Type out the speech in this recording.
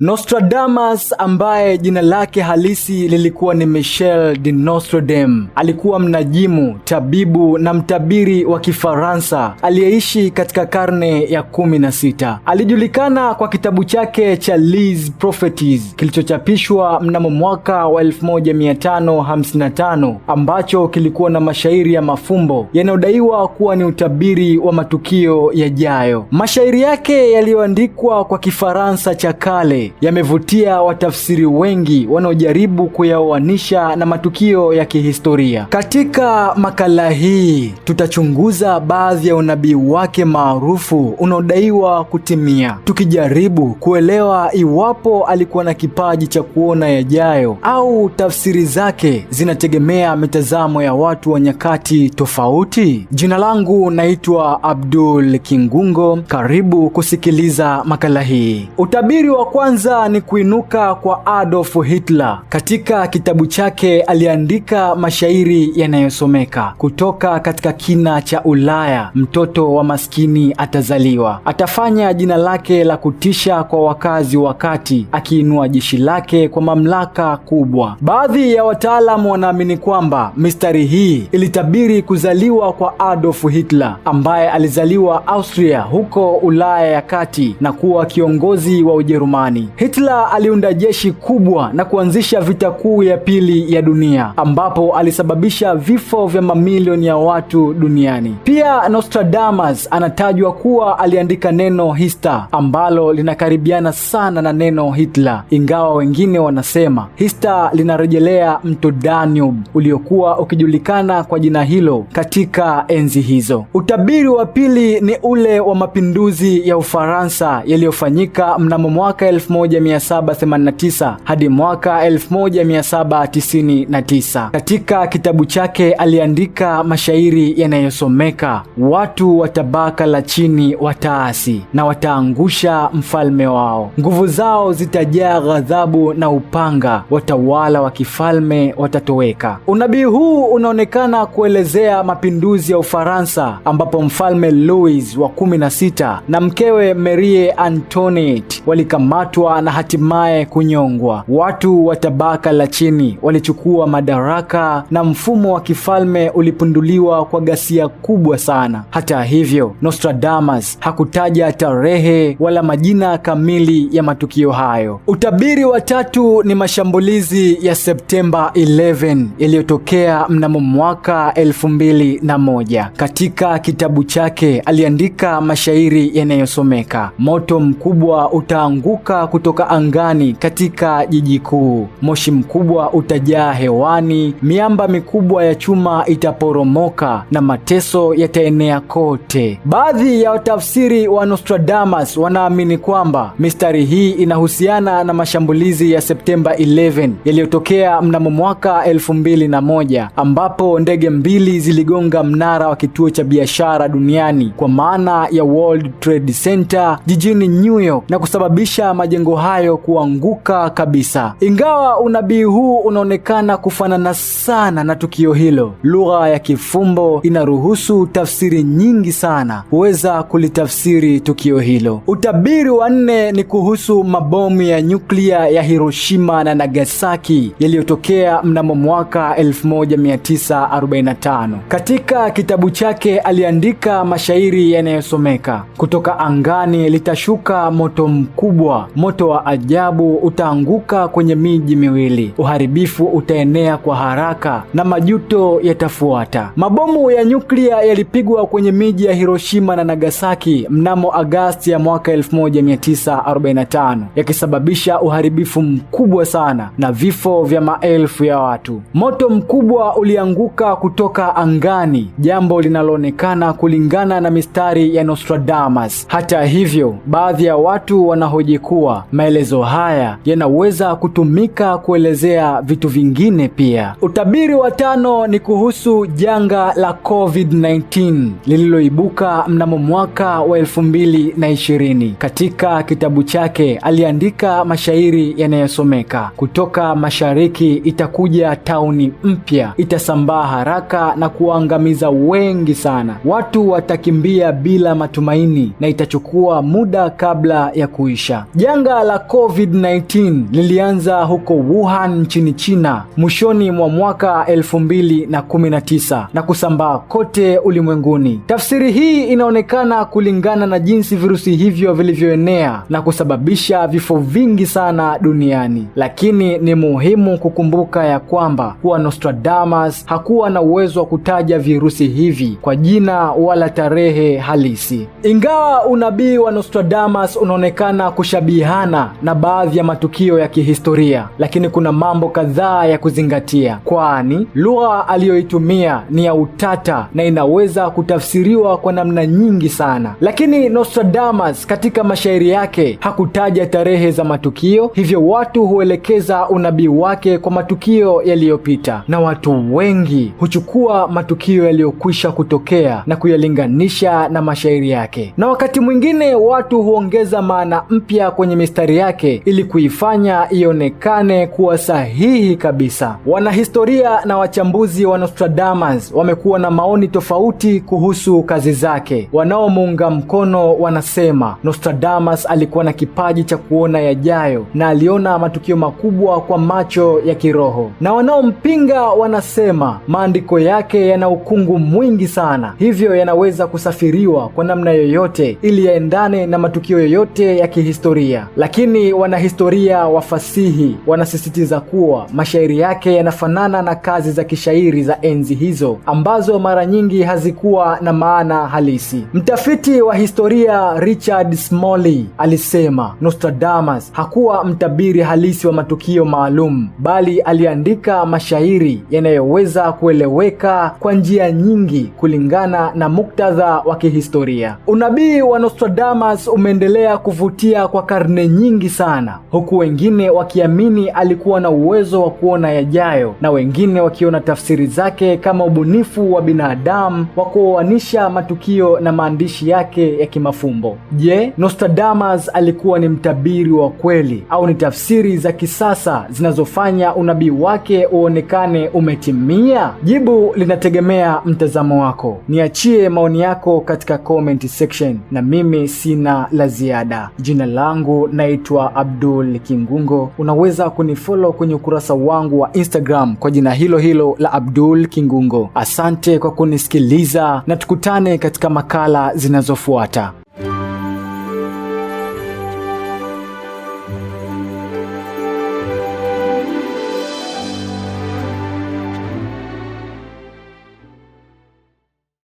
Nostradamus ambaye jina lake halisi lilikuwa ni Michel de Nostradam alikuwa mnajimu, tabibu na mtabiri wa Kifaransa aliyeishi katika karne ya sita. Alijulikana kwa kitabu chake cha Les Prophéties kilichochapishwa mnamo mwaka wa 1555 ambacho kilikuwa na mashairi ya mafumbo yanayodaiwa kuwa ni utabiri wa matukio yajayo. Mashairi yake yaliyoandikwa kwa Kifaransa cha kale yamevutia watafsiri wengi wanaojaribu kuyaoanisha na matukio ya kihistoria. Katika makala hii tutachunguza baadhi ya unabii wake maarufu unaodaiwa kutimia, tukijaribu kuelewa iwapo alikuwa na kipaji cha kuona yajayo au tafsiri zake zinategemea mitazamo ya watu wa nyakati tofauti. Jina langu naitwa Abdul Kingungo, karibu kusikiliza makala hii. Utabiri wa kwanza kwanza ni kuinuka kwa Adolf Hitler. Katika kitabu chake aliandika mashairi yanayosomeka kutoka katika kina cha Ulaya, mtoto wa maskini atazaliwa, atafanya jina lake la kutisha kwa wakazi, wakati akiinua jeshi lake kwa mamlaka kubwa. Baadhi ya wataalamu wanaamini kwamba mistari hii ilitabiri kuzaliwa kwa Adolf Hitler ambaye alizaliwa Austria huko Ulaya ya kati na kuwa kiongozi wa Ujerumani. Hitler aliunda jeshi kubwa na kuanzisha vita kuu ya pili ya dunia ambapo alisababisha vifo vya mamilioni ya watu duniani. Pia Nostradamus anatajwa kuwa aliandika neno Hista ambalo linakaribiana sana na neno Hitler, ingawa wengine wanasema Hista linarejelea mto Danube uliokuwa ukijulikana kwa jina hilo katika enzi hizo. Utabiri wa pili ni ule wa mapinduzi ya Ufaransa yaliyofanyika mnamo mwaka elfu 1789 hadi mwaka 1799. Katika kitabu chake aliandika mashairi yanayosomeka watu wa tabaka la chini wataasi na wataangusha mfalme wao, nguvu zao zitajaa ghadhabu na upanga, watawala wa kifalme watatoweka. Unabii huu unaonekana kuelezea mapinduzi ya Ufaransa ambapo mfalme Louis wa 16 na mkewe Marie Antoinette walikamatwa kuuawa na hatimaye kunyongwa. Watu wa tabaka la chini walichukua madaraka na mfumo wa kifalme ulipunduliwa kwa ghasia kubwa sana. Hata hivyo, Nostradamus hakutaja tarehe wala majina kamili ya matukio hayo. Utabiri wa tatu ni mashambulizi ya Septemba 11 yaliyotokea mnamo mwaka 2001. Katika kitabu chake aliandika mashairi yanayosomeka: moto mkubwa utaanguka kutoka angani katika jiji kuu. Moshi mkubwa utajaa hewani, miamba mikubwa ya chuma itaporomoka na mateso yataenea kote. Baadhi ya watafsiri wa Nostradamus wanaamini kwamba mistari hii inahusiana na mashambulizi ya Septemba 11 yaliyotokea mnamo mwaka 2001 ambapo ndege mbili ziligonga mnara wa kituo cha biashara duniani kwa maana ya World Trade Center jijini New York na kusababisha majengo majengo hayo kuanguka kabisa. Ingawa unabii huu unaonekana kufanana sana na tukio hilo, lugha ya kifumbo inaruhusu tafsiri nyingi sana huweza kulitafsiri tukio hilo. Utabiri wa nne ni kuhusu mabomu ya nyuklia ya Hiroshima na Nagasaki yaliyotokea mnamo mwaka 1945. Katika kitabu chake aliandika mashairi yanayosomeka kutoka angani litashuka moto mkubwa moto moto wa ajabu utaanguka kwenye miji miwili, uharibifu utaenea kwa haraka na majuto yatafuata. Mabomu ya nyuklia yalipigwa kwenye miji ya Hiroshima na Nagasaki mnamo Agasti ya mwaka 1945 yakisababisha uharibifu mkubwa sana na vifo vya maelfu ya watu. Moto mkubwa ulianguka kutoka angani, jambo linaloonekana kulingana na mistari ya Nostradamus. Hata hivyo, baadhi ya watu wanahoji kuwa maelezo haya yanaweza kutumika kuelezea vitu vingine pia. Utabiri wa tano ni kuhusu janga la COVID-19 lililoibuka mnamo mwaka wa 2020. Katika kitabu chake aliandika mashairi yanayosomeka: kutoka mashariki itakuja tauni mpya, itasambaa haraka na kuangamiza wengi sana. Watu watakimbia bila matumaini na itachukua muda kabla ya kuisha. Janga Janga la COVID-19 lilianza huko Wuhan nchini China mwishoni mwa mwaka 2019 na kusambaa kote ulimwenguni. Tafsiri hii inaonekana kulingana na jinsi virusi hivyo vilivyoenea na kusababisha vifo vingi sana duniani. Lakini ni muhimu kukumbuka ya kwamba kuwa Nostradamus hakuwa na uwezo wa kutaja virusi hivi kwa jina wala tarehe halisi. Ingawa unabii wa Nostradamus unaonekana kushabiha kuhusiana na baadhi ya matukio ya kihistoria, lakini kuna mambo kadhaa ya kuzingatia, kwani lugha aliyoitumia ni ya utata na inaweza kutafsiriwa kwa namna nyingi sana. Lakini Nostradamus katika mashairi yake hakutaja tarehe za matukio, hivyo watu huelekeza unabii wake kwa matukio yaliyopita, na watu wengi huchukua matukio yaliyokwisha kutokea na kuyalinganisha na mashairi yake, na wakati mwingine watu huongeza maana mpya kwenye mistari yake ili kuifanya ionekane kuwa sahihi kabisa. Wanahistoria na wachambuzi wa Nostradamus wamekuwa na maoni tofauti kuhusu kazi zake. Wanaomuunga mkono wanasema Nostradamus alikuwa na kipaji cha kuona yajayo na aliona matukio makubwa kwa macho ya kiroho, na wanaompinga wanasema maandiko yake yana ukungu mwingi sana, hivyo yanaweza kusafiriwa kwa namna yoyote ili yaendane na matukio yoyote ya kihistoria. Lakini wanahistoria wa fasihi wanasisitiza kuwa mashairi yake yanafanana na kazi za kishairi za enzi hizo ambazo mara nyingi hazikuwa na maana halisi. Mtafiti wa historia Richard Smalley alisema Nostradamus hakuwa mtabiri halisi wa matukio maalum, bali aliandika mashairi yanayoweza kueleweka kwa njia nyingi kulingana na muktadha wa kihistoria. Unabii wa Nostradamus umeendelea kuvutia kwa karne karne nyingi sana, huku wengine wakiamini alikuwa na uwezo wa kuona yajayo na wengine wakiona tafsiri zake kama ubunifu wa binadamu wa kuoanisha matukio na maandishi yake ya kimafumbo. Je, Nostradamus alikuwa ni mtabiri wa kweli au ni tafsiri za kisasa zinazofanya unabii wake uonekane umetimia? Jibu linategemea mtazamo wako. Niachie maoni yako katika comment section, na mimi sina la ziada. Jina langu naitwa Abdul Kingungo. Unaweza kunifollow kwenye ukurasa wangu wa Instagram kwa jina hilo hilo la Abdul Kingungo. Asante kwa kunisikiliza na tukutane katika makala zinazofuata.